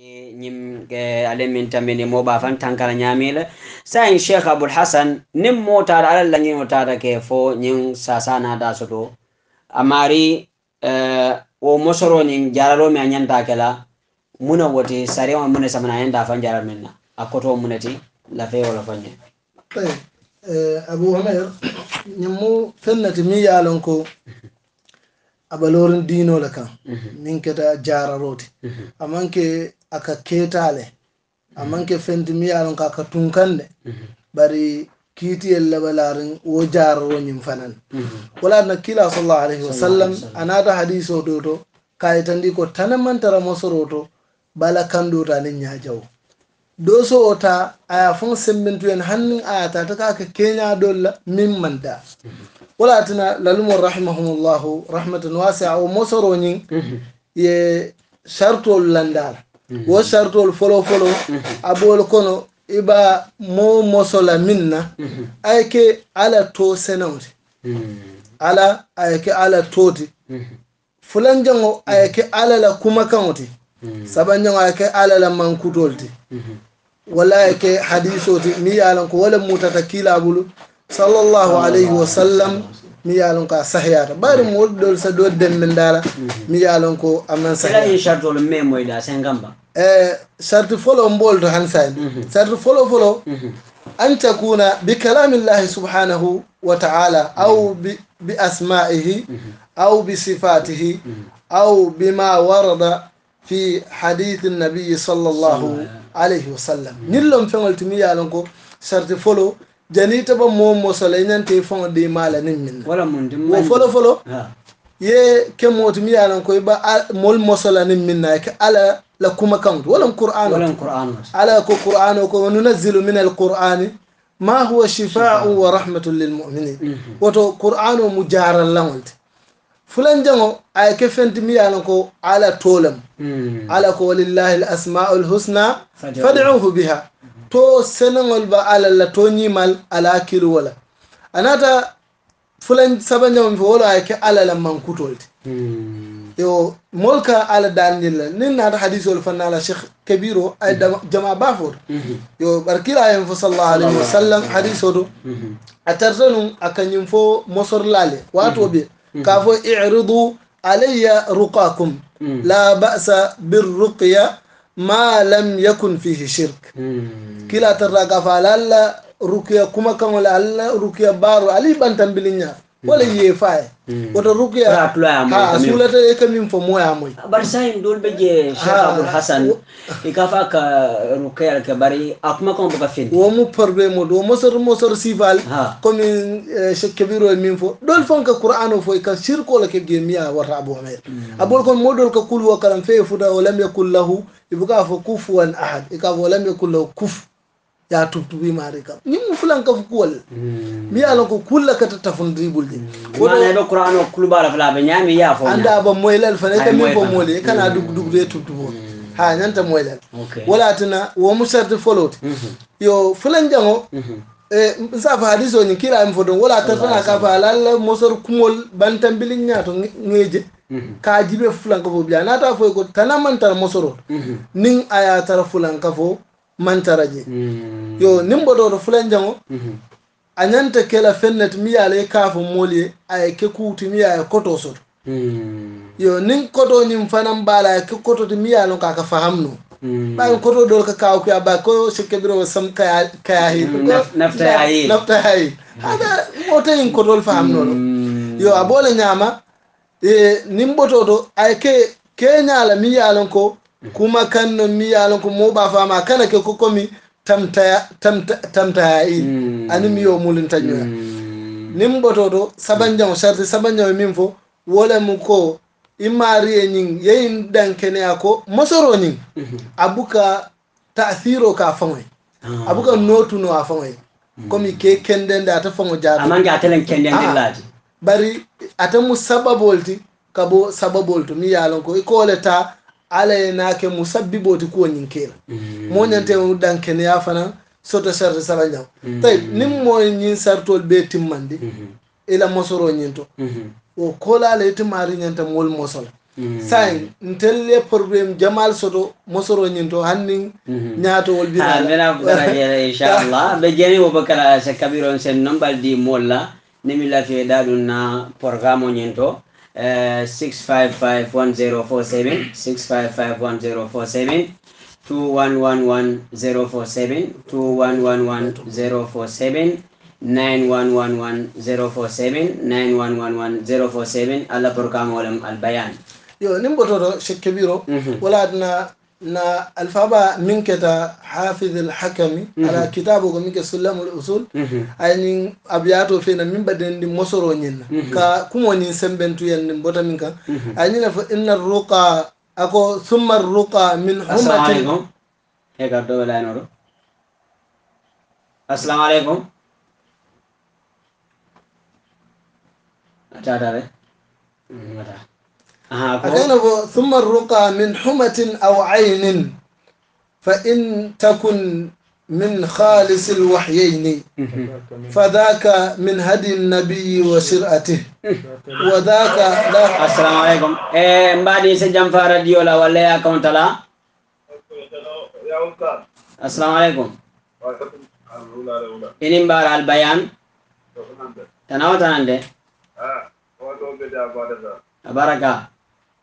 ñim ke ale min mo ba fan tankara ñamila en cheikh abul hasan nim mo la alal ta da ke fo da so do amari eh, wo mosoro jaralo jaralomi a ta kala muna sare sarima muna samana a da fan jaral min na a ti la fe wala eh abu hamir ñin mo fennati mi lon ko abalorin la kan min mhm. keta jararoti mhm. amanke aka ketale mm-hmm. amman ke fentimi yaron ka aka tunkande mm-hmm. bari kiitiyel labalarin wo nyim fanan mm-hmm. wala na kila sallallahu alaihi wasallam anata hadise o ɗo to kayitandi ko man tara masoroto bala kanɗota anin ñajawo do so o ta aya fon en hannin ayata ta kaka keñaɗolla min da wala tana lalmu rahimahumullahu rahmatan wasia o mosoroñin ye chartol landala wo mhm. sartol folo folo mhm. a bol kono i ba mo mosola min na mhm. a ye ke ala to senew ti ala a ye ke ala to ti fulanjaŋo a ye ke ala la kumakaŋo ti sabanjaŋo a ye ke ala la mankutol ti walla a ye ke hadiso ti miŋ ye a lanko wo le mutata kiila bulu sallallahu alayhi wa sallam mi yaalon ko a sahyata ɓaari mo woɗɗol so dodden min ndaala mi yaalon ko aman sahyaaɗi chartolo memoyɗa sen gamba e charte folo mbolto han sani charte folo folo an takuna bi kalamillahi subhanahu wa taala aw bi asma'ihi aw bi sifatihi aw bima warada fi hadith nabiyi sallllahu alayhi wa sallam ñillon feŋol timi yaalon ko charte folo jani ta ba mo mo sala ta yi fon da mala nin min wala mun dum wo folo folo ye ke mo tumi ya nan koy ba mol mo sala nin min na ke ala la kuma kan wala qur'an wala qur'an ala ko qur'an ko nunazzilu min al-qur'ani ma huwa shifaa'un wa rahmatun lil mu'minin mhm. woto qur'an mu jaran lanwalti fulan jango ay ke fenti mi yalan ko ala tolam mhm. ala ko walillahi al asma'ul husna fad'uhu biha to senin ba ala la to ñimal ala kilu wala anata fulan saban fo wolo wala ke hmm. ala la mankutol ti yo mulka ka ala nin la nin naata hadisol fanna la cheikh kabiru ay hmm. jama bafur hmm. yo bar kila yen sallallahu alayhi wa sallam hadiso to a tarta num a kañum fo mosorlale wato bi ka fo iridu alayya ruqakum la ba'sa ruqya ma lam yakun fihi shirk hmm. kila tarra gafa alla rukiya kuma kan wala alla rukiya baro ali bantan bilinya hmm. wala ye Hmm. wata ruku ya ha sula ta ka min fa moya mai bar sayin dole be je shaka abul hasan e ka fa ka ruku ya ka bari kuma kon baka fin wo mu parbe mo do mosor mosor sival ko min eh, shakabiro e min fo dol fon ka qur'ano fo e ka shirko la ke ya wata abu umair hmm. abul kon modol ka kul wa kalam fe fuda wa lam yakul lahu ibuka e fo kufuwan ahad e ka wa lam yakul lahu kuf ya tubtubi maari kam ñiŋ mu fulanka fo kuwol le miŋ ko kulu la ka tata fundiribulu de wona i be kurano kulubaa la fula a be ñaami ye a fo anda a ba moyilal fana i ka miŋ fo moolu i kana hmm. dugudugudu ye tubtuboo ha hmm. ñanta moyilal wala tina wo mu sarti ti hmm. yo fulan jaŋo eh, nsa fa hadiso ñiŋ kiira mi fo don wala tartana ka fa ala la mosor kumol bantambiliŋ ñaato ŋeeje ka jibe fulanka fo bila a naata foyi ko tana man tara mosoro niŋ aya ye a tara fulanka fo mantaraje mm. yo nimboɗoɗo fulanjango mm-hmm. a ñanta kela fennet mi le kaafo molie ay ke kuti mi yaye koto soto mm. yo nin koto ñin fanan baala aye ke kototi mi ka ka fahamno mm. ba koto do ka ka kuya ba ko biro sam kayahi nafta hayi haɗa koto kotol fahamnoɗo yo a nyama ñama e nin ɓotoɗo aye ke ke ñaala mi yaalon ko kuma kan nan mi yalan ko ba fama kana ke ko komi tamtaya tamtaya i hmm. ani mi yo mulin tañoya nin jamu sharti saban jamu min fo mu ko i e nyin yayin dan kene ya ko masoro nyin hmm. abuka tasiro ka faŋoye ah. abuka notuno a faŋoye hmm. komi ke ta kendende ata faŋo ah. laji bari ata mu sababolti kabo sababoltu mi yalon ko i e ta alay naake mm. mo sabbiɓooti kuwo ñin kela moñantema uddankene yafana soto charte sala jaw mm. tawi nin moy ñin sartol ɓe timmandi mm. ila mosoro ñin to o kolala e timmari ñanta wol mosola sai ntel le probléme jamal soto mosoro ñin to hanni ñaatowol biaaaa ah, inchallah ɓe jeni wo bakala sa kabiron sen nombaldi molla nimi lafeeɗa ɗum na programme o ñin to uh, 6551047 6551047 2111047 2111047 9111047 9111047 alla programme olem albayan yo nimbo bototo sekke biro mhm. wala adna na alfaba min keta hafiz alhakami ala kitabu ko min ke sulamul usul ayni abiyato fena min baden di mosoro nyenna ka kumo ni sembentu yande bota min kan ayni na fa inna ruqa ako thumma ruqa min humati he ga do la no assalamu alaikum acha dare mata ثم الرقى من حمة أو عين فإن تكن من خالص الوحيين فذاك من هدي النبي وشرأته وذاك لا السلام عليكم إيه مبادي سجن فارد يولا ولا يا كونت تلا السلام عليكم إن مبار البيان تناو تنانده آه، أبارك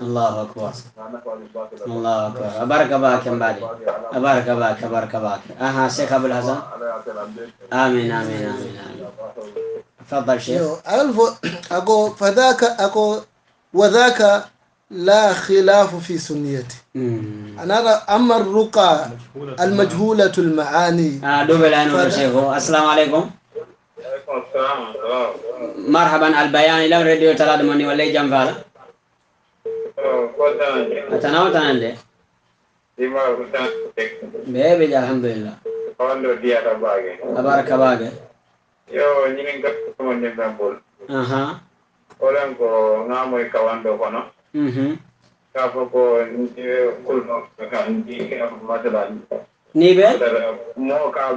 الله أكبر الله أكبر أكبر باك أكبر أبارك باك أبارك باك أها شيخ أبو أكبر آمين آمين آمين آمين تفضل شيخ ألف أقول فذاك أقول وذاك لا خلاف في سنيته أنا أما الرقى المجهولة المعاني آه دوب الآن شيخ السلام عليكم السلام عليكم مرحبا البيان لا راديو ترى دماني ولا جام فالا اتنا اتنا انت ديما غتان بي بي الحمد لله اون دو ديا باغي ابارك باغي يو ني نين كتو من نامبول اها اولان كو ناموي كواندو كونو اها كافو كو نتي كول نو كان دي كان ماتلان نيبه مو كا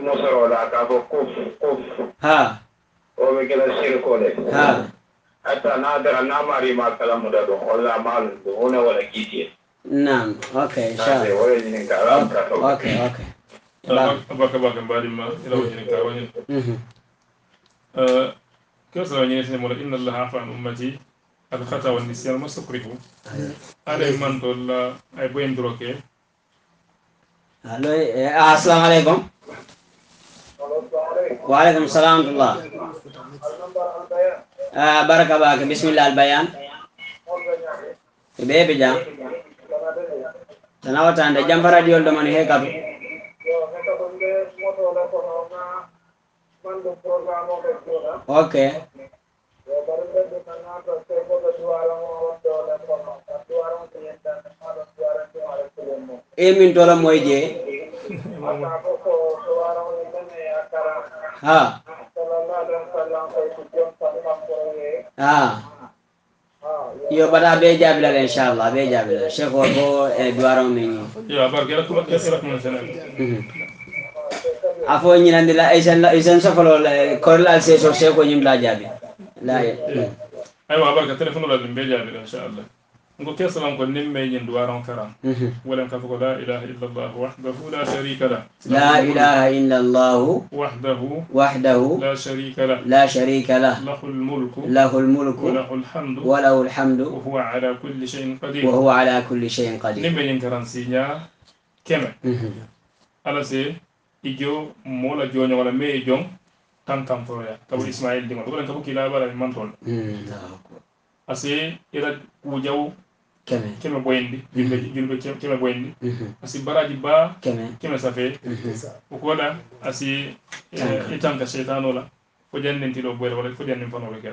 مو سرولا كافو كوف كوف ها وبكلا الشرك ولا حتى نادر نامري ما كلام ده ولا مال هنا ولا كيتي نعم اوكي ان شاء الله اوكي اوكي baka baka mbadi ma ila wajin ka wajin kirsa wajin sai mura inna allaha afa an ummati al khata wal nisyan masukrifu ala man dolla ay boyen droke allo assalamu alaikum Waalaikumsalam warahmatullah. Ah, baraka bak. Bismillah al-bayan. Ibe bija. Tanawa tanda jamfara diol do mani hekab. Okay. E min tola moy ha ah. ah. ha yo bada be jabila la inshallah be jabila chef ko e eh, duwaro min yo bar gela ko kesra ko sanan afo nyinande la isen la isen sofolo korla se so se ko nyim la jabi la mhm. aywa barka telefono la be jabila Allah. نقول كيس لهم قل نم ين دوارون كرام ولم كفك لا إله إلا الله وحده لا شريك له لا إله إلا الله وحده وحده لا شريك له لا شريك له له الملك له الملك وله الحمد وله الحمد وهو على كل شيء قدير وهو على كل شيء قدير نم ين كرام سينيا كما على سي إجو مولا جوني ولا مي جون تان تان فرويا تقول إسماعيل دي ما تقول أنت بكي لا بلا من تقول أسي إذا وجو kɛmɛ kɛmɛ bɔ yen juru bɛ kɛmɛ bɔ yen baraji ba kɛmɛ kɛmɛ sanfɛ o ko la a i tan ka se tan dɔ la fo jɛn nin ti dɔ bɔ wala fo jɛn nin fana bɛ kɛ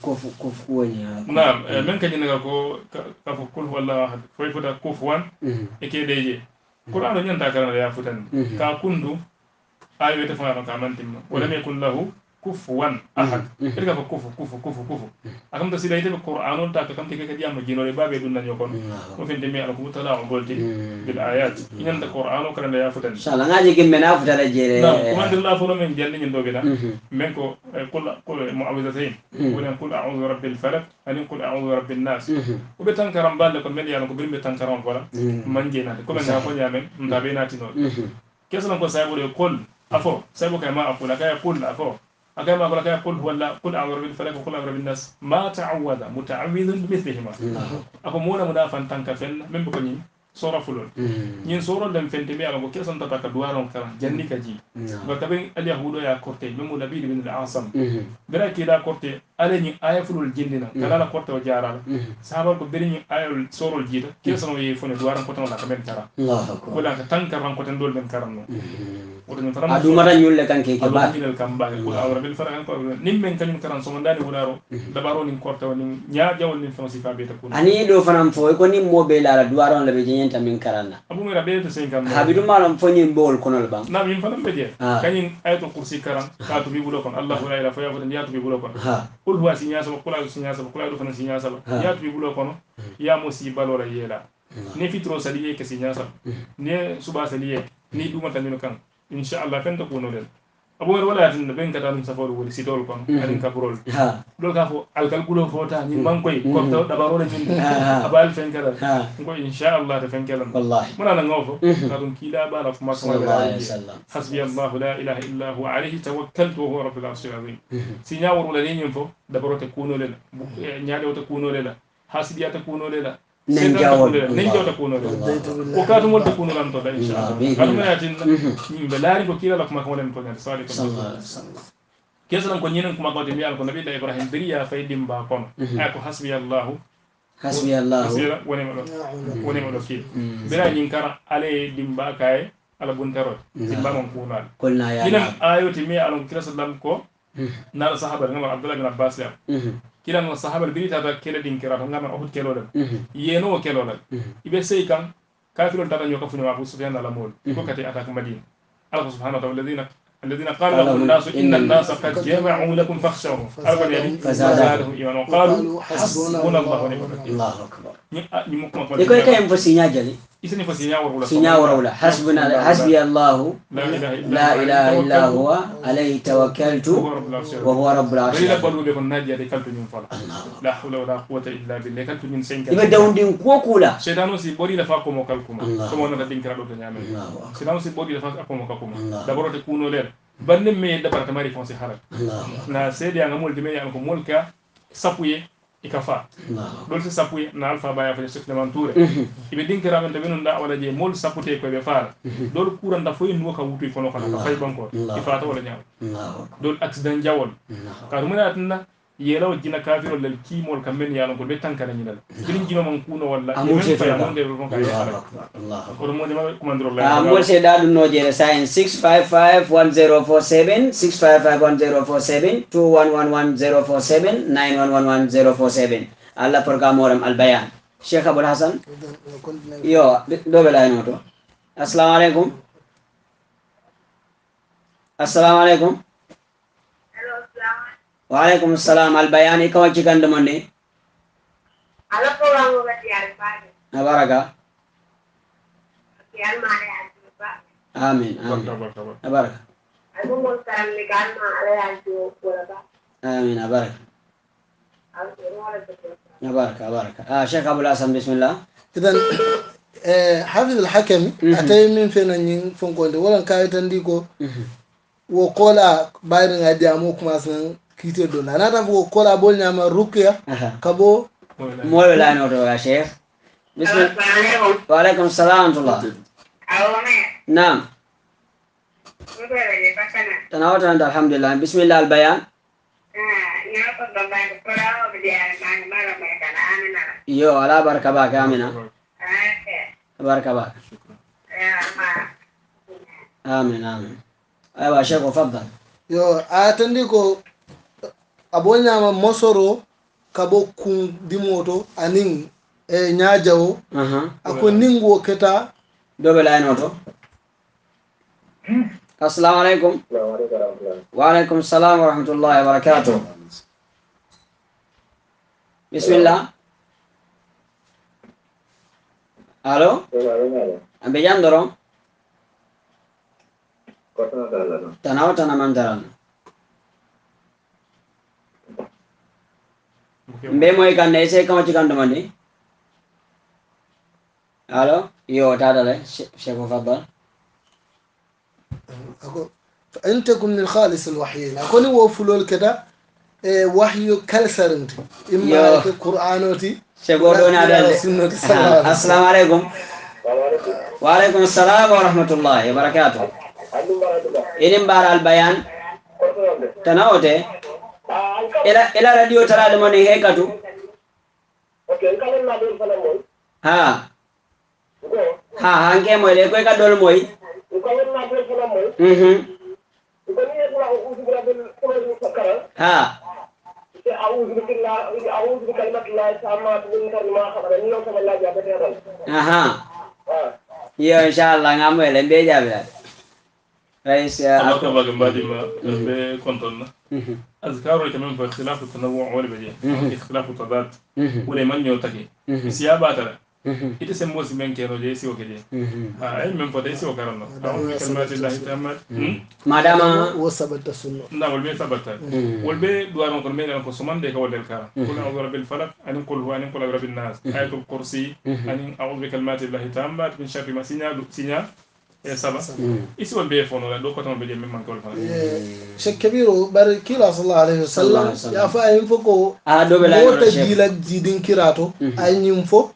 ko fo ko fo na mɛ ka ɲininka ko k'a fɔ mhm. ko wala fo i fota ko fo wan e k'e de ye ko la dɔ ɲɛ ta kalan de y'a fota nin k'a kun dun a ye wete fanga kan k'a man tɛmɛ o de kun lahu kufuwan ahad irga mm-hmm. mm-hmm. fa kufu kufu kufu kufu akam ta sila qur'an on ta ka kam tike kadi amma le babe dun nan yokon mo mm, fin de mi al kubu tala on bolti mm. bil ayat mm. inan ta qur'anu kala ya futan insha Allah ngaje ke mena futala e jere na ko man dilla fulo men jelle nyin dobe mm-hmm. men ko eh, qul qul mu'awizatayn wala kula a'udhu bi rabbil falaq ani kula a'udhu bi rabbin nas ko be tan karam balle ko men ya ko be tan karam wala man jena ko men na ko jamen ndabe na tino kesa lan ko sayo de qul afo sayo kay ma afo la kay qul afo akaima kwa kaya kul huwa la kul a'udhu bil falaq kul a'udhu bin nas ma ta'awwadha muta'awwidhun bi mithlihima hmm. ako mona fan tanka fen membe ko nyim sora fulol ñin hmm. soro dem fente mi ala ko kesan tata ka duwaron kara janni ka ji hmm. ba kabe al yahudo ya korte memu nabi ibn al asam bira ki da korte ale ñin aya fulol jindina kala la korte o jarala sahaba ko biri ñin aya soro jita kesan o ye fone duwaron ko tan la kamen kara wala ka tankar ran ko tan dol men karam no adumata ñulle kanke ke ba ñulel kam baake kul awra bil faragan ko nim men kañum karan so mondani wularo dabaro nin kortaw nin nya jawol nin fonsi fa beta kun ani do fanam fo ko nim mo be la duwaron la be jenta min karanna abu mera be sen kam habidu malam fo ñim bol kono le bang na min fanam be je kañin ayatul kursi karan ka to bi bulo kon allah la ilaha fa yafu ya to bi bulo kon kul huwa sinya sama kula hmm. sinya sama kula do fana sinya sama ya to bi bulo kono ya mo si balora yela ne fitro saliye ke sinya sama ne suba saliye ni duma tanino kan inchallah fen to ɓunoɗen abomen walaya tinno ɓen gata ɗum safaru woni sitol kon mhm. arin kaɓrol ɗol ka fo alkal ɓulo fota min mankoye mhm. corta mhm. ɗabarole min abaali fen kala ngo inchallah to fen kelan mananango fo ka ɗum kiiɗa ɓala fomasoaaji hasbi allahu la ilaha illa huwa aleyhi tawakkaltu wahuwa rabbil arsil azim si ñawor wolanimin fo dabarote kunolela eh, ñaɗewta kunolela ha siɗiyata kunolela wakati mol takuno lam toda inchallah aduma yatin yimɓe laari ko kiilala kuma kan waɗani toñade sali kesalam ko ñinen kuma kawde mbiyal ko nabilla ibrahima biriya fay ɗimba kono ay ko hasbiyallahu hasbiyallahu wonima bira ñin kara alaye ɗimba kaye ala bunteroy ɗimba mon kuunaɗe inen ayoti mi alon kila sallam ko نار الصحابة نعم عبد الله بن عباس يام كلا نار الصحابة البيت هذا كلا دين كرا نعم أحد كلا ولا ينو كلا ولا يبي سي كان كافر تدا يوقف نعم أبو سفيان على مول يكو كتي أتاك مدين الله سبحانه وتعالى الذين الذين قال لهم الناس إن الناس قد جمعوا لكم فاخشوهم أربع يعني فزادهم إيمانا وقالوا حسبنا الله ونعم الوكيل الله أكبر نعم. آه، نعم. يكو كاين بو سينيا جالي إذن فسيناور ولا سيناور ولا حسبنا حسبي الله لا إله إلا, لا إله إلا هو عليه توكلت وهو رب العرش لا بلو لي النادي هذه كلت من فلا لا حول ولا قوة إلا بالله كلت من سين كلت يبدأ وندين كوكولا شيطان سي بوري لفاكو موكلكم كما أنا تدين كرادو تنعمل شيطان سي بوري لفاكو موكلكم دبرو تكونوا لير بنم مي دبر تماري فونسي حرك لا سيدي أنا مول دمي أنا كمول كا سابوي ɗol si sappo no alpha baya fo sectement touré eɓe ɗinkiraɓente mhm. ɓe nonɗa walla je mol sappute koyeɓe faala ɗol mhm. kuranta foye nuwa ka wutuy kono kono ka fay i ifata wala ñaw ɗol accident jawol ka ɗum ena tinna yelaw jina kafirol lal kiimol kam men yalonkol ɓe tankana ñinal jinin jino man kuno walla kono mode ma commandrollamol seeɗa ɗum no jeere sahen 6551047 6551047 allah programme orem albayan cheikh aboul hasan yo ɗo ɓe layno to assalamu aleykum assalamu aleykum وعليكم السلام البيان كما تشكن دمني على فلان وجه أربعة أبارك آمين آمين أبارك آمين أبارك أبارك أبارك آه شيخ أبو الحسن بسم الله إذا آه، حافظ الحكم أتى من فين أنين فين كنت كايتن ديكو وقولا بايرن أدي أموك مثلا kiiter ɗo nana tan ko kola bol ñama rukkuya ka bo mowe laani oto ya cheikh bisi waaleykum salam watullah nam tana watanante alhamdulillah bisimillah al bayan yo ala barka baka amina barka baka amin amin aywa cheikh o fabdal yo a tandi ko abolñama mosoro kabo kun dimoto anin e ñaajawo ako ningo keta doɓe laynoto assalamu aleykum waaleykum salam wa rahmatullahi wa barakatuh bisimillah alo ambe jam doron tanawo tanamantaralna mbemo e kande essaye kama cikantomani الو يو تعال شيخ مفضل فانت كن الخالص الوحي اكون هو فلول كده وحي كالسر انت اما قرانوتي شيخ السلام عليكم وعليكم السلام ورحمة الله وبركاته إنم بار البيان تناوته ela ela radio tara da mani he katu okay ma ha ha hange moy le ko ka dol moy ko ma mhm ko ni ko ko ko ko ha أعوذ أذكاره كمان في اختلاف التنوع والبديع اختلاف التضاد ولمن يوتكي سيابة ترى إذا سموه سمين كيرو جيسي وكذي هاي آه، من فتيسي وكرنا أقول كلمات الله تعمل ما دام وصبت السنة لا نعم، والبي ثبت والبي دوار نقول مين أنا كسمان ده هو اللي الكار كل أعوذ برب الفلك أنا كل هو أنا كل أعوذ بالناس آية الكرسي أنا أعوذ بكلمات الله تعمل من شر ما سينا سينا سبعة يسوى البيفون ولا دو كتون بدي من كل شكبيرو بركيلا صلى الله عليه وسلم يا فا ينفقو دو بلا موتا جيلا جيدين كيراتو اي نيمفو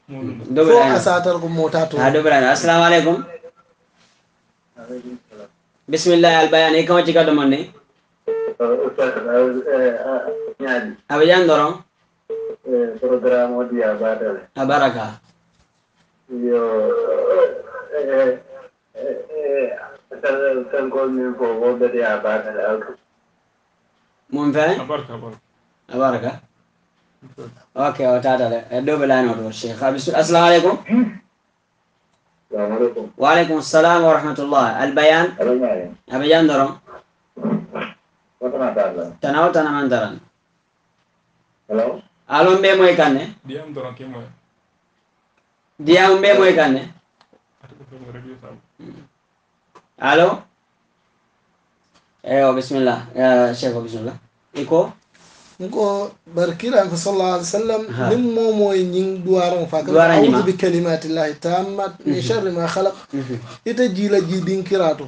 دو بلا اساتر كو موتاتو دو بلا السلام عليكم بسم الله البيان اي كما تيكا دومني ابي جان دورون برنامج يا بارك يو تنقل من فين؟ أبارك أبارك أبارك أوكي وتعالى دوب الآن ودور الشيخ السلام عليكم السلام عليكم وعليكم السلام ورحمة الله البيان أبيان درم تناو تنا من درن ألو ألون بي موي ديام درن كي موي ديام بي موي الو ايوه بسم الله يا شيخ بسم الله ايكو nko bar kiranko sallah alih w sallam nin momoye ñing duwaran fa kam awdu bi calimatillahi tammat min charri ma halak ita jiila jiidin kirato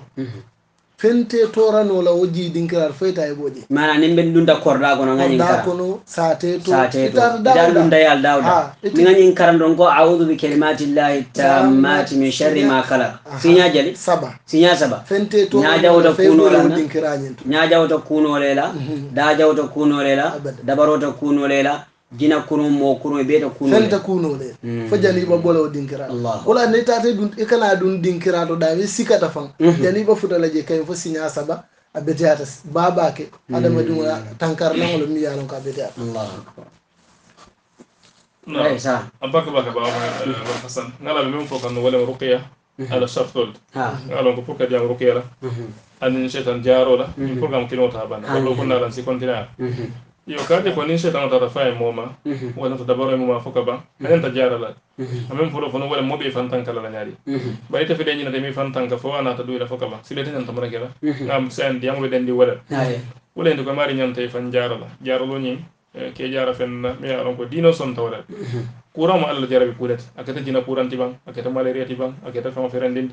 fente torano la o jiidinkirar foyta e ɓooƴe mana nin ɓen ɗum d'accord ɗa kono gañin kara sa te to itar dar ɗum dayal dawda mi gañin karan ɗon ko audu bi kalimatillahi tammati min sharri ma kala siña jali saba siña saba fente to ñajawta kunolela ñajawta kunolela da jawta kunolela dabarota kunolela jina kuno mo kuno e beta kuno fel ta kuno le fo jani ba bolo dinkira wala ne ta te dun e kana dun dinkira to da mi sikata fan jani mhm. ba futa la je kay fo sinya saba a baba ke mm. adama dum tankar na nangolo mi yalon ko a beteyata allah akbar ay sa abaka baka ba bawaa hasan ngalaɓe min fof kan no walemo ruqiya mhm. ala sartolde ngalon ko pour kadi jam ruqiyala mhm. anin cheytan jarola pour kam kino ta ban ko ko na lan si continue yokande koni shetan tata fa moma wala tata baro moma mhm. mhm. mhm. foka ba anen ta jara la amem fulo fono wala mobe fantan kala la nyari ba ite ni nyina demi fantan ka fo ana ta duira foka ba sile tan tamara kala ngam sen diam we den di wala wala en ko mari nyanta fan jara la jara lo nyi eh, ke jara fen na eh, mi aron ko dino son tawala kura mo alla jara bi kuret akata jina kuranti bang akata malaria ti bang akata fama ferandin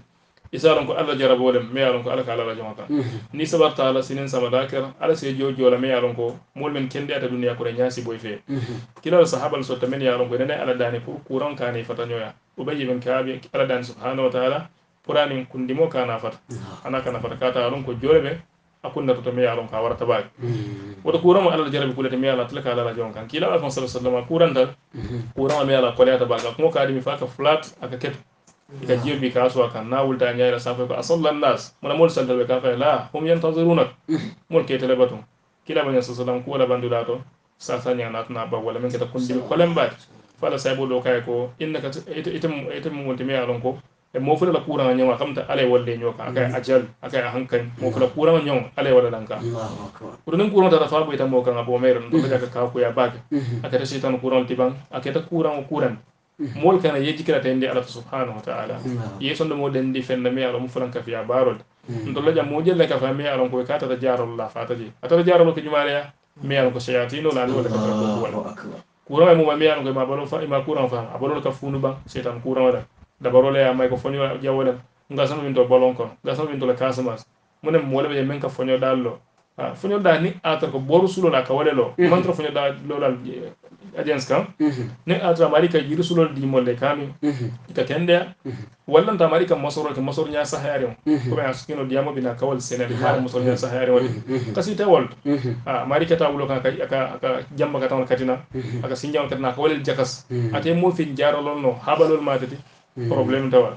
isa ko alla jarabolem me ye ko alaka ka alla mm-hmm. la jaŋo kaŋ niŋ sabarta alla sinin samada kera alla si jo jo la me ye ko mol men kende ata dunya ko nyaasi boy fe mm-hmm. kila sahaba so tamen men ko nene ala dani pour kuraŋo kaani fata ñoya ubayi ben kaabi ala dani subhanahu wa taala pour anin kundimo kana fata ah. ana na fata kata lon ko jore be a to tota me ye lon ko a warata baake woto kuramo alla la jarabi kulete me ye la tila ka alla la jaŋo kaŋ kila alafan sa sallam a kuranta kurama me ye la koleyata baake a kuŋo kaadimi faka flat aka ketu ka jiyo bi ka suwa kan na wulta nya ila safa ko asallan nas mona mol sallal be ka fa la hum yantazirunak mol ke tele batun kila banya sallam ko la bandula to sa sa nya na tuna ba wala min ka ta kundi kolen ba fala sai bo do kai ko inna ka ita mun multi alon ko e mo fula la kura nya ma kamta alai walle nyo ka akai mm. ajal akai hankan mo fula kura nya alai wala lanka kudun mm. mm-hmm. kura ta fa bo ita mo kan abo mer ndo ka ka ko ya ba ka ta shetan kura tiban akai ta kura ko kuran mool mhm. kana yeji kira tende ala subhanahu wa ta'ala ye sondo mo dendi fenda me ala mu fulan ka fiya barol mhm. ndolla jam mo jella ka fa ala ko kata da jarol la fata je atara jarol ko jumaare ya me ala ko shayatino la wala ka fa ko wala kura mo me ala ko ma balo fa ma kura fa abalo ka funu ba setan kura wala da barole ya mai ko fonyo ya wala ngasano min to balon ko ah, ngasano min to la kasamas munem mo le men ka fonyo dallo fonyo da ni atar ko na ka lo mhm. mantra fonyo da lo la adiens kam mm-hmm. ne atra mari ka jiri sulol di molle kami mm-hmm. ka kende mm-hmm. wallan ta mari ka masoro ka masoro nya sahare ko be askino diamo bina kawal senel ma masoro nya sahare wali kasi ta wol a mari ka ta wulo ka ka ka jamba ka tan katina aka sinjam katina ka walil jakas ate mo fin jaro lon no habalol ma tati problème tawal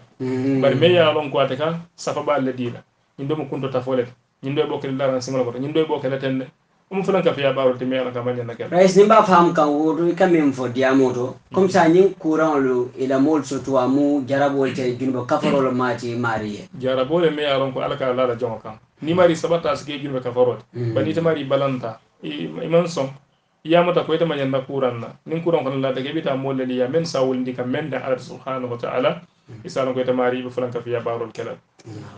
bari me ya lon ko ate ka safa ba le dila indom kunto tafolet nyindo e bokkel daran singol ko nyindo e bokkel tende omuntu na kafiya baro timi ala kamanya na kela rais nimba faham kan wodo ka min fo diamoto comme ça nyin courant lu ila mol so to amu jarabo te junbo kafaro lo mati mariye jarabo le me aron ko ala ka la la jonga kan ni mari sabata sike junbo kafaro hmm. bani ta mari balanta iman son ya mata ko ita manyan na kuran na nin kuran kan la daga bita mol le ya men sawul ndika men da Allah subhanahu wa ta'ala misalum koyta mari, fulan ka fiya barol kala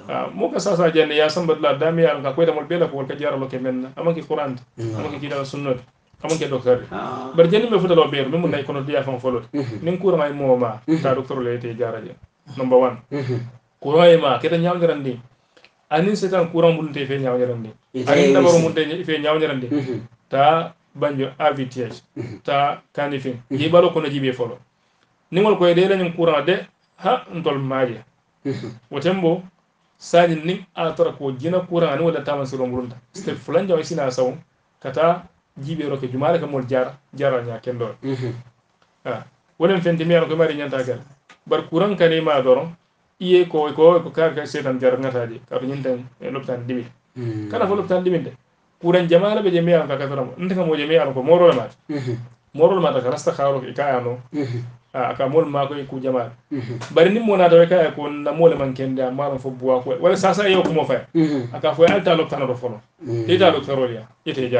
ah, mo ka sasa jande ya la dami al ka mol bela ko wolka jaralo ke menna amaki qurante Quran, ya. kiidal sunnode amanke docteur ah. bare jandi mbe futalo ɓeeto min mo nayi kono diya fam folot nin courant e mooma ta te jara je number one courant hmm. e ma kita nyaw ndin anin setan courant mbulunte fe ñawdiran ndin iya, anin mo munte fe nyaw ta banjo avth hmm. ta kanifin hmm. yiɓalo kono jiɓe folo ningol koy de lañu courant de ha ndol maaje woten bo sani ala tara ko jina kuran ani wala taman silo ngurunta step fulan jawai sina saw kata jibe roke jumare ka mol jara jara nya kendo ha wolen fenti mi ko mari nyanta gal bar kuran kane ma doron iye ko ko ko kar ka setan jar ngata di ka to nyintan loptan dimi kana fo loptan dimi de kuran jamala be jemi ala ka ka tara mo ndika mo jemi ala ko moro ma hmm. moro ma ta rasta kharo ka ano hmm aka ah, mol ma ko ku jama mhm. bari ni mona da kay ko na mole man kende ma ron fo buwa ko wala sa sa yo ko mo fa mhm. aka fo alta lo tan ro folo mhm. te ta lo tarol ya ite ni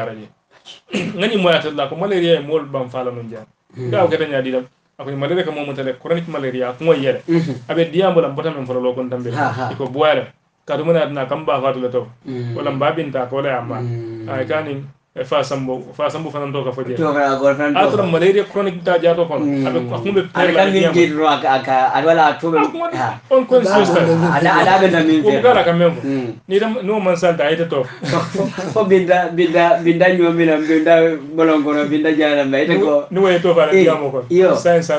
ngani mo yata la ko malaria mol bam fala non jam ga ko di dam ako ni malaria ka mo mutale chronique malaria ko yere abe diambo lam bota men lo kon tambe ko buwa do mona na kamba fatu le to wala mbabinta ko le amma ay kanin fasambo fasambo fanan to ka foje to ka gor fan ta jato kon abe akumbe on kon sister ala ala be na min ko man salta ite to ko binda binda ni wo to fara diamo ko yo sai sa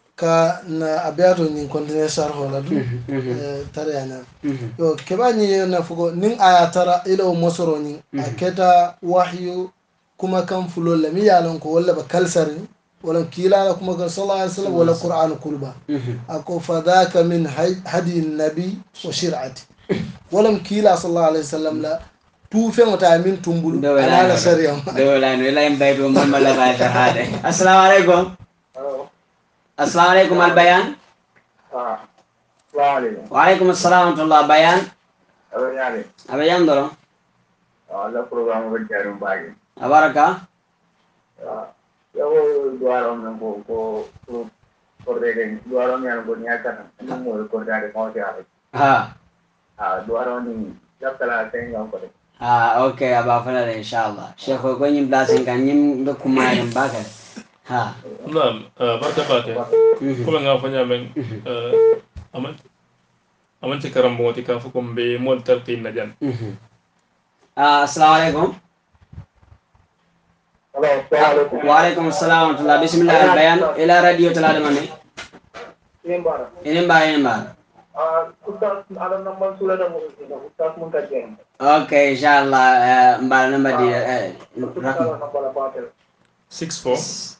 ka na abiyato ni kontine sar hola du tare yana yo ke ba ni na fugo nin aya tara ila o mosoro ni aketa wahyu kuma kan fulo la mi yalan ko wala ba kalsarin wala kila la kuma kan sallallahu alaihi wasallam wala qur'an kulba ako fadaka min hadi nabi wa shir'ati wala kila sallallahu alaihi wasallam la tuufeŋo taa min tumbulu ala la sariyam dewla no ila en baydo mo mala ba shahada assalamu alaikum Assalamualaikum वालेकुम अल बयान वालेकुम अस्सलाम वरहमतुल्लाह बयान अब जान दो अल्लाह प्रोग्राम पर जा रहा हूं बागे हमारा kok yo duaron nan ko ko kordere duaron yan ko niya kan nan mo kordere ko siya ha ha duaron ni japtala tayin ko ha okay aba fana inshallah shekho ko nyim blasin kan nyim do kuma yan Ha. Naam, barka bake. Kuma nga fanya men aman aman ci karam bo ti kafu kum be mon tarti na jan. Ah assalamu alaikum. Wa alaikum assalam wa rahmatullah. Bismillah al-bayan ila radio talada mame. Inembara. Inembara inembara. Ok, inshallah, mbala namba di rakam. 64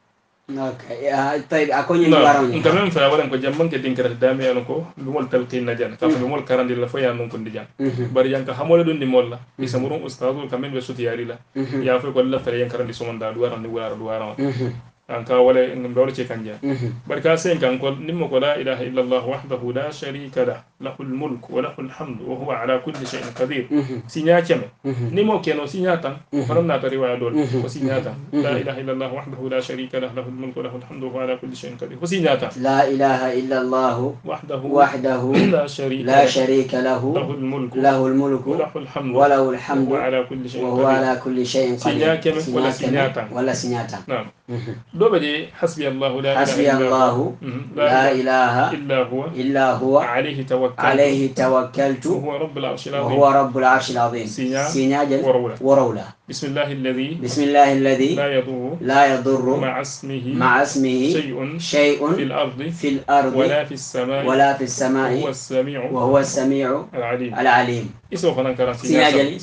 nkarlen faya walan ko jam manke dami yalon ko lumol talqinna jan kafa lumol mm. karandilla fo ya nonkondi jan bari yan hamole ɗum ndimolla isamurum ustadul kamen ɓe sutiyarila mm-hmm. ya foy ko laftere yan karandi somonda duwarani wurara duwara on أنت ولا إن بولك كنجا بركا سين كان قل نمك لا إله إلا الله وحده لا شريك له له الملك وله الحمد وهو على كل شيء قدير سينيا كم نمو كانوا سينيا تن فرمنا تريوا دول وسينيا تن لا إله إلا الله وحده لا شريك له له الملك وله الحمد وهو على كل شيء قدير وسينيا تن لا إله إلا الله وحده وحده لا شريك لا شريك له له الملك له الملك وله الحمد وله الحمد وهو على كل شيء وهو على كل شيء قدير سينيا كم ولا سينيا تن ولا سينيا تن نعم دو بدي حسبي الله لا حسبي الله لا إله إلا هو إلا هو عليه توكلت عليه توكلت وهو رب العرش العظيم وهو رب العرش العظيم سيناجل ورولا ورولة بسم الله الذي بسم الله الذي لا يضر لا يضر مع اسمه مع اسمه شيء شيء في الارض في الارض ولا في السماء ولا في السماء وهو السميع وهو السميع العليم العليم اسمه فلان كرا سينا جلي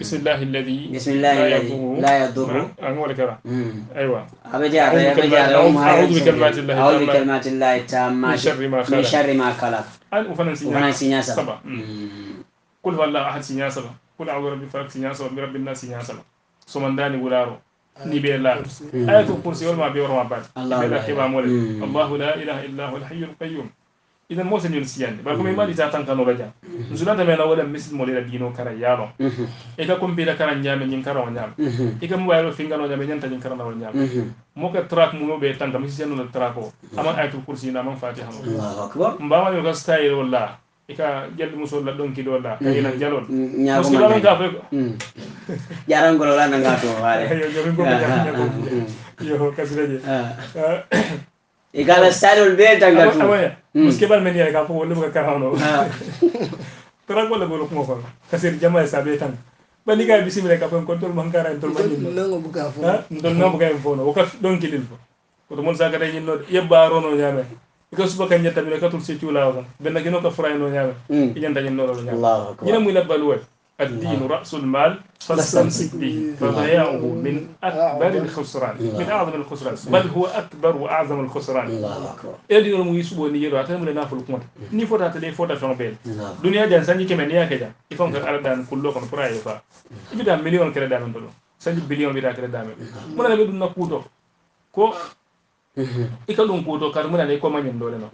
بسم الله الذي بسم الله الذي لا يضر هو كرا ايوه ابجا ابجا اعوذ بكلمات الله اعوذ بكلمات الله التامه من شر ما خلق من شر ما خلق وفلان سينا سبع قل هو الله احد سينا kul a'udhu bi falak si ñaso mi rabbi nas si ñasa la suma wularo ni be la ayatu kursi wal ma bi wor ma bat be la kiba mo le mm. allah la ilaha illa hu al hayy al qayyum idan mo sen siyan ba ko mi di ta tan kanu raja musula me mm. mm-hmm. mena wala misil mo le dino kara yalo mm-hmm. e ka bi la kara nyame nyin kara wanyam mm-hmm. e ka wayo finga no nyame nyanta nyin kara no wanyam mo ka track mu no be tan da misi no tracko ama ayatul kursi na ma fatiha allah akbar mbawa yo ka style wala ika jalɗu musol la ɗonki ɗo la kayila jalol moski ɗo ka foy jarangolo la nanga to waare yo kasiraje e eh, kala salol be selul tu moski bal men yere ka fo wolle ka karano tara golle bolo kuma ko kasir jama e sabe tan bani kasih jamah ya sabi kon bani man bisa mereka pun kontrol ni ndongo buka fo nggak buka phone no nggak buka phone fo ko to mon sa ka dañi no yebba rono nyame iko suba kan jetta bile katul se cula kan benna kino ka no nyaga inyanda nyen no lo nyaga ina mu ila balwe الدين رأس المال فاستمسك به فبيعه من أكبر الخسران من أعظم الخسران بل هو أكبر وأعظم الخسران إدي يوم يسبو نيرو أتى من نافل كمت ني فوتا تلي فوتا شون بيل دنيا جان سانجي كمان يا كذا يفهم كأردان كله كم فراي فا يبدا مليون كذا دامن بلو سانجي بليون بيدا كذا دامن من أنا بدون نقوده ko Mm-hmm. ika lun kuto kar muna ne ko manyin dole no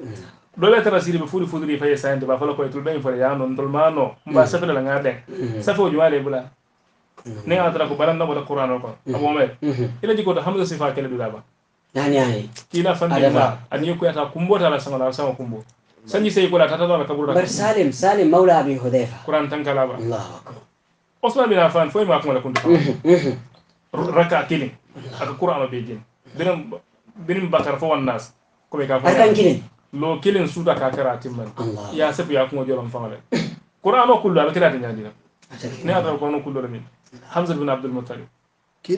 dole tara siri bufuri fudri fa yesa ndo ba fala ko tul ben fara yano ndol mano mba mm. safa la ngade mm-hmm. safa o jwale bula mm-hmm. ne a tara ko balan na bada qur'an ko abo me ila jiko to hamza sifa kele dula ba yani yani ila fan ma ani ko yata kumbo tara sangala sama kumbo sanji sai ko la tata la kabura bar salim salim maula abi hudayfa qur'an tan kala ba allahu akbar osman bin affan foi ma kuma la kuntu raka kilin aka qur'an be din dinan benim bakar fo wannas koɓe ka lo kilin suta ka kara timmani ya sepu ya kuŋo jolom faŋa le qouran o kullu ala kirati ñandina ne atal qouran o kullu lemin hamsa bin abdulmutalib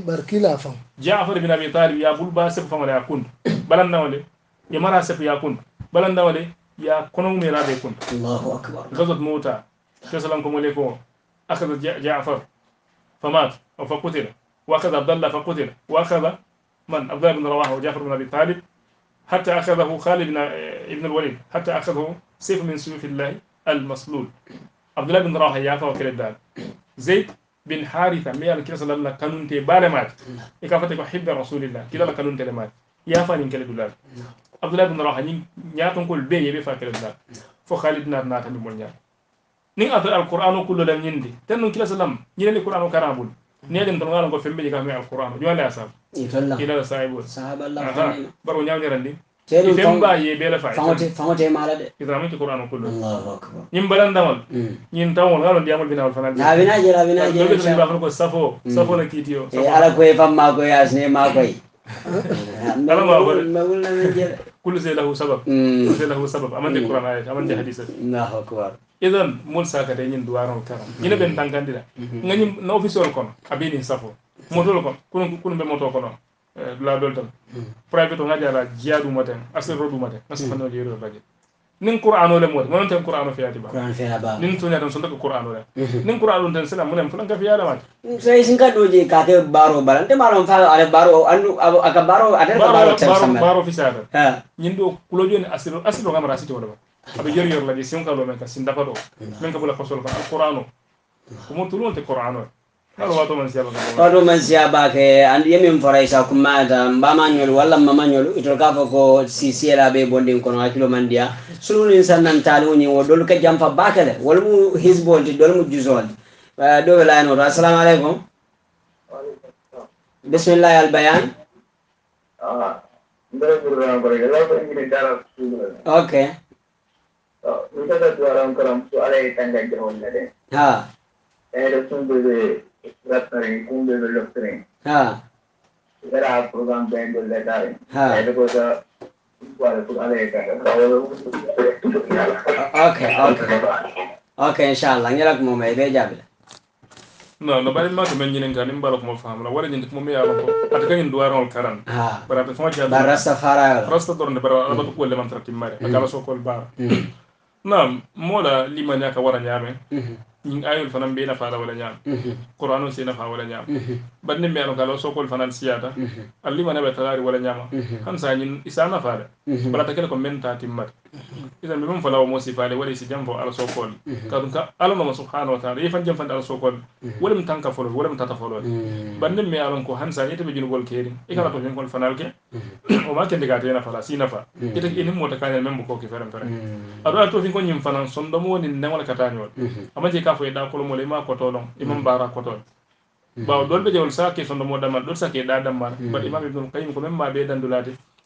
bar kila faŋ jafar bin abi talib ya bul ba sepu faŋa le ya kund balan nawa le ye mara sepu ya kund balan nawa le ya konoŋumira be kund gazot muta fesalan komo le ko akada jafar famat o fa kutira wakada abdallah fa kutira wakada من عبد الله بن رواحه وجعفر بن ابي طالب حتى اخذه خالد بن ابن الوليد حتى اخذه سيف من سيوف الله المسلول عبد الله بن رواحه يا فاو الدار زيد بن حارثه ميا على صلى الله كانون تي بالمات يكافته كو حب رسول الله كلا لا كانون تي مات يا فاني كده دولار عبد الله بن رواحه ني نياتون كل بي يبي فا دولار فو خالد نار ناتا مول نين اثر القران كله لم يندي تنن كده سلام ني القران كرابول neɗen tan ngala ngo fembiji kam e alqouran o ƴoole a saabu ilala saahibol baro ñawñiran ndin i femba ye beela fayifaŋote maala de isamaki qouran o kullo ñin balandaŋol ñin tawol ngalo ndiyamol binawol fanaaɓa fana ko safo mm. safo eh, la kiiti o ala koye fam ma koye asne ma koye ala ma koye kullu sey lahu sabab mm. kullu sey lahu sabab amande mm. quran ayat amande hadisa allahu akbar idan mul saka de ñin duwaro karam ñina mm-hmm. ben tankandira mm-hmm. nga ñim na official kon abini safo mm-hmm. motol kon kun kun be moto kon eh, la doltam private nga jara jiadu maten asir rodu maten nga fano li rodu baje nin qur'ano le mot non tan qur'ano fi ba qur'an fi ba nin tunya tan sun daga qur'ano le nin qur'ano tan sala mun fulan ka fi da ma mm, sai sin ka doje ka te baro balan te baro fa ale baro andu aka baro ade baro baro baro fi sa ha nin do kulojo ni asiro asiro ngamara sito wala aɓe jeri yor laje sin kalo men ka sin dafa ɗo ka ɓula kosol kan alquran o komo wato man siya ba ke an ye min fara isa kuma ta ba ma wala ma ma nyol ko si siela be bondin kono akilo man dia sulun san nan talu ni wo dol ka jamfa ba ke le wal mu hisbol ti dol mu juzol do be laino assalamu alaikum bismillah al bayan okay විකටත්වරම් කරම් අලයටන් ගැජ හොන්නට ඒරසුන්දද රත්නරින් කුන්දද ලොක්තරෙන් ඉර ආපුගම් බැන්ඩල් ලටාවෙන් ඇටකොස Okay, okay. Okay, inshallah. Ngira kuma mai dai jabila. No, no bari ma kuma nyinin ganin bala kuma famla. Wala nyinin kuma ya ko. Ata kan ndu waron karan. Mm. Bara ta fama jabila. Bara safara. Rasta dorne bara ala ko le man tratim mare. Kala so kol bara naam mola liman yaka wara ñaame mhm ñing ayol fana mbe nafa la wala ñaam mm-hmm. qur'anu si nafa wala ñaam mm-hmm. banni mbe no kala sokol fana siyata mm-hmm. alli mana be talari wala ñaama han sa ñin isa nafa de bala ta kele ko men ta timmat isa mbe mum falaw mo si faale wala si jam fo ala sokol ka dum ka ala ma subhanahu wa ta'ala yefan jam fan ala sokol wala mi tanka folo wala mi tata folo banni mbe alon ko han sa yete be junugol keri e kala to ñen kon ke o ma kende ga nafa la si nafa ite ini mo ta kanel mem ko ke feram fere adu ala to fin ko ñim fanan sondo mo ni newal katañol amaji kafo yeɗa kolmole ima kotoɗon imam e mm. bara kotoɗo ɓawa mm. ɗon ɓe jawol sa kesondomoɗamal ɗon sake e ɗa dammal mm. baɗ imam ibnul kayim ko memma ɓe dandulade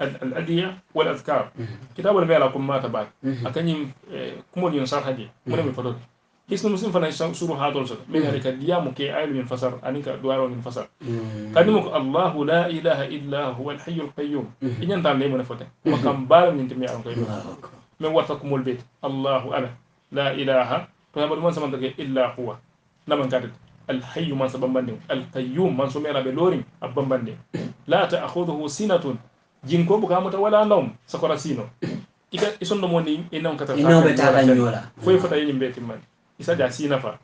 الأدية والأذكار كتاب البيع لكم ما تبعك أكني كمول ينصر هدي من المفروض اسم مسلم فنا يسوره هذا الرسول من هذا الدنيا كي عائل من فسر أنك دوار من فسر كلمك الله لا إله إلا هو الحي القيوم إن أنت عليه من فتن وكم بال من تميع القيوم من وثقكم البيت الله أنا لا إله فهذا من سمعت إلا هو لمن كانت الحي من سبب القيوم من سمع بلورين أبن لا تأخذه سنة jinko buka mota wala nom sakora sino ika isondo moni enon kata ino betala nyola foi fota yini mbeti man isa ja sina fa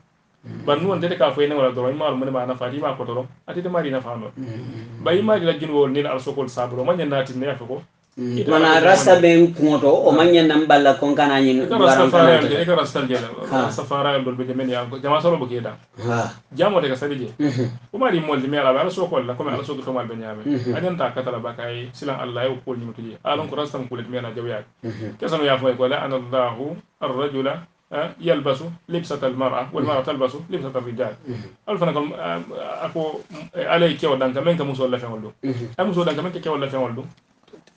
mm. ban nuwan dede ka foi ne wala doro imal ne ma na fa ma ko doro atide mari na fa no mm. ba imari la jinwo ni al sokol sabro man nyaati ne afako mana rasta be kumoto o manya nan balla kon kana nyin garan kana de ka rasta jela rasta fara ala ala so ko la ala so ko mal ben yame adan la mhm. bakay silan allah yo ko nyimuto je alon rasta ko le me mhm. kesano ya fay la an allah ar-rajula يلبس لبسة المرأة والمرأة تلبس لبسة الرجال ألف أنا أكو عليك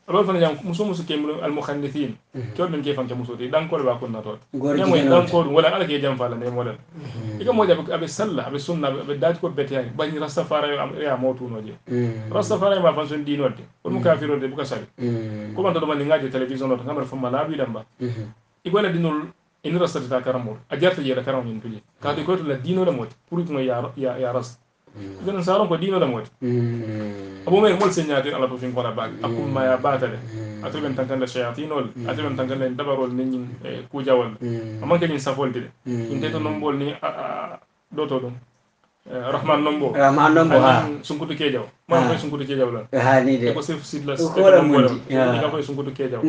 rol fana jam muso muso ke al mukhannisin to men ke fanke muso de dan ko ba kunna to ne mo dan ko wala ala ke jam fala ne mo dan ika mo jabe abe salla abe sunna abe dati ko beti ay bani rastafara yo ya motu no je rastafara ma fan sun dino de ko mu kafiro de buka sabi ko man to do man ngaje television no ngamar fama labi damba igona dinul in rastata karamur ajarta jera karamun tuje ka de ko to la dino le mot pour ko ya ya rast Mm. Non mm. mm. è A jonen saron ko diino lam woni abu umayr mol signature ala to fin kono baake akkum maya batale atoɓen tan kalla cheyatinol atoɓen tan kalla en dabarol neñin e kujawol amman kañin safolde ɗe inte to nombol ni ɗo to ɗum rahman nombo rahman nombo ha sunkutu kejaw ma koy sunkutu kejaw lan hanide ko sef sidla ko wala mundi ka koy sunkutu kejaw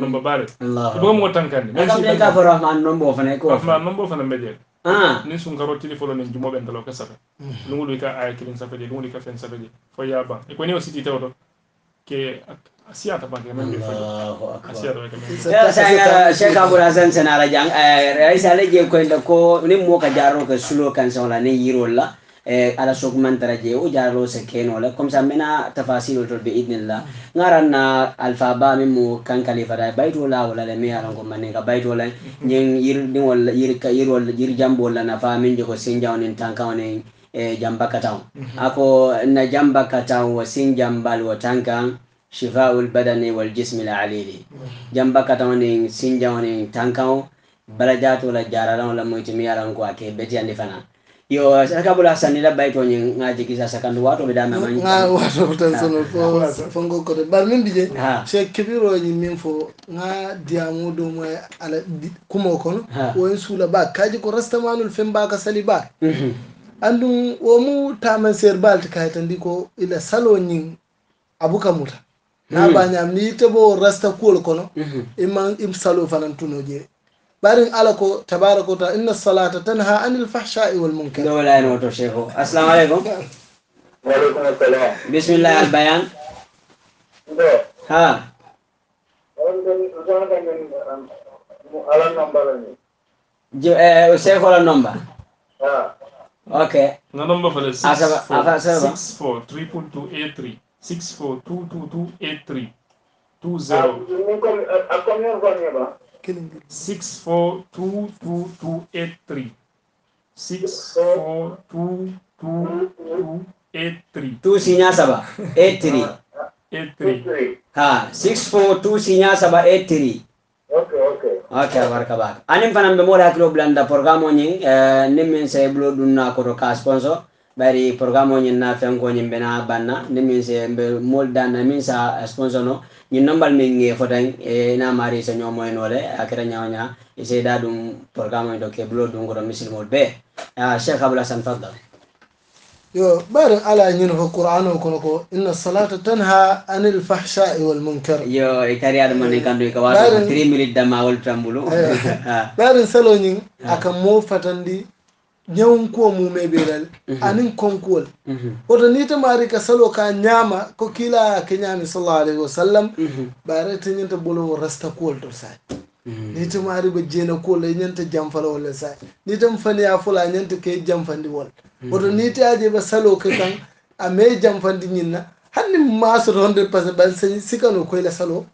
nombo bare to bo mo tankande mais ka ko rahman nombo fane ko rahman nombo fane mejel ni sunkaro tili folo ni jumo ben dalo ka sabe lungu ka ay kilin sabe de lungu ka fen sabe de fo ya ba e ko ne aussi tite oto ke asiata ba ke men fa asiata ba ke men ta sa ngara sheikh abul hasan sanara jang rais ale je ko ko ni mo ka jaro ka sulo kan la sola ne la ala alasogman daraje ujaro sekeno lakum samina tafasil tul bi idnillah ngaranna alfa ba min mu kan kalifa da baitu la wala le mi aran ko manne ka baitu la nyen yir din wala yir ka yir wala yir jambo la na fa min jogo sinja onin tanka onin e jamba katan ako na jamba katan wa sinjambal wa tanka shifaul badani wal jismi la alili jamba katan onin sinja onin tankan bala jato la jaralaw la moyti mi aran ko ake beti andi fana yo sakabula asanira baito nye ngaji kisasa kandu watu bedama manyi nga watu kutansono fo fongo kote bar min bije che kibiro nyi min fo nga diamu do mo ala kumo kono o en sula ba kaji ko rastamanul fem ba mhm. ka saliba andu o mu taman ser balt kay tan diko ila salo nyi abuka muta na mhm. ba nyam ni tebo rasta kol kono mhm. imman im salo fanan tuno je بارين ألكو تبارك وتعالى إن الصلاة تنهى عن الفحشاء والمنكر. دولا يا نوتو شيخو السلام عليكم. وعليكم السلام. بسم الله البيان. ها. جو سيف اه، اه، ولا نمبر؟ اه اوكي انا نمبر فلس 6 4 3 2 8 3 6 4 2 2 2 8 3 2 0 Six four two two two eight three. Six four two two two eight three. Two sinya saba eight three. Eight three. Ha six four two sinya saba eight three. oke okay. Okay, warkabak. Anim fanam be mola kilo blanda programo nyi, eh, nimmen se blo dunna koro ka sponsor bari programme o ñin na fenko ñin bena banna ni min se be mol na min sa sponsor no ñin nombal min nge fotan e na mari sa moy nole akira ñawña e se da dum programme do ke blo dum goto misil mol be ya cheikh abdul hasan fadda yo bar ala ñin fo qur'an o kono ko inna salata tanha anil fahsha'i wal munkar yo e tari adama ne eh, do e kawato 3 minutes dama wol tambulu eh, bar salo ñin aka mo fatandi ñawun kuwo mume ɓeerali mhm. anin konkowol mhm. oto ni ta tamari ka salo ka ñaama ko kiila ke ñaami sallallahu alayhi wa sallam ɓaare mhm. te ñanta bolo rasta kuwol to saay ni ta tamari ɓe jeena kuwol e ñanta jamfala walla saay ni ta tam faniya fola ñanta ke jamfandi wol oto ni te aje ba salo ka kan a me jamfandi nyinna. hanni masoro hundred percent bal sikano koyle salo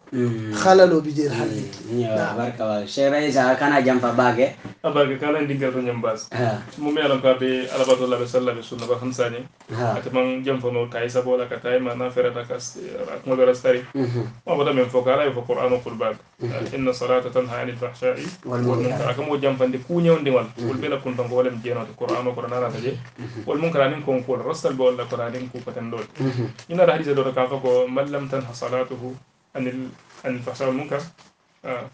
halaloɓe jeeri hannibarkawa cheikh kana jamfa bague a bague kala en diggal to ñam bas mumi alam ka ɓe alabatollah ɓe sallah ɓe sunna ba hamsani ateman jamfano tawi sabola ka tawi mana ferata ka kumoɓe rastari mabata men fo kala e fo qouran o qul bague inna salata tanha anil fahsai walmunkara kam o jamfande kuñewdiwal wol ɓela kuntan ko walem jeenoto qouran o koɗa nanata je wol munkara nin konkuwol rastal ɓe olla koɗa nin kukaten ɗol ina ندر حديث دور كاغو من لم تنه صلاته عن ال... عن الفحشاء والمنكر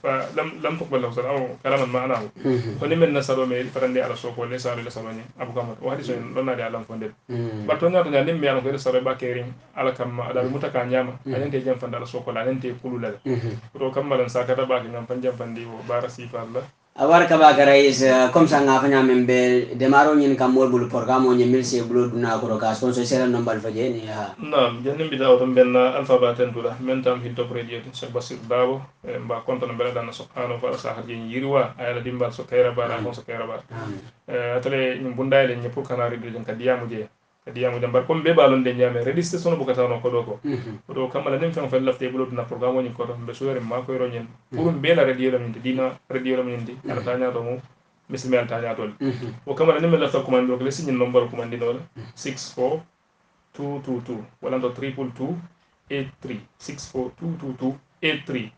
فلم لم تقبل له صلاة أو كلاما معناه فنمن نسألو ميل فرندي على سوق ولي سألو لسألوني أبو كامل وهذه سوين لنا دي علم فندب بطونا تنا نمي على كده سألو باكيرين على كم على الموتا كان ياما أنت جنب فند على سوق ولا أنت كلو لا رو كمل ساكتا باكي نم فنجم فندي وبارسي فالله warkaba karais comme eh, ça nga fanya men be demaro nyin kam mol bul programme on yemil se bulo duna ko ka sponsor sera non bal faje ni ha ya. nam jannim bi daw tam ben eh, alphabaten dula men tam hito prediet se basir dawo eh, mba konta no bela dana subhanahu wa ta'ala sa hajin yirwa ayala dimbal so kayra bara ko so kayra bara atale nyum bundale nyepu kanari do ka diamu je ndiyamude mbar comme ɓe ɓaalol nde ñaame redistation buka tawno kodo ko mhm. oto kammala la feŋ fen lafte bulu ɓuloduna programme oñin koto mbe soyorin ma koyro ñin pour um mhm. la radio la ñinde dina radio lam ñinde mhm. ala tañato mum misimi ala tañatole o kammala nin min lafta commande o ko lesi ñin nombal commandinola 6 4 2 2 2 walanto triple 2 3 6 2 2 2 8 3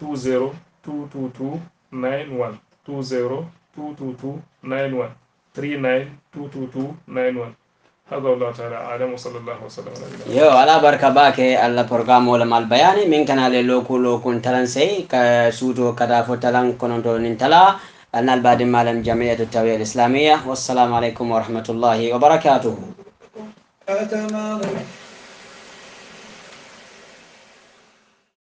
20 222 2 2 2 9 1 2 0 9 1 3 9 2 2 2 9 1 هذا والله تعالى أعلم وصلى الله وسلم على نبينا يو على بركة باكي الله برقام ولا مال بياني من كان على لوكو لوكو تلان سي كسوتو كدافو تلان كنونتو ننتلا أنا البادي مالم جمعية التوية الإسلامية والسلام عليكم ورحمة الله وبركاته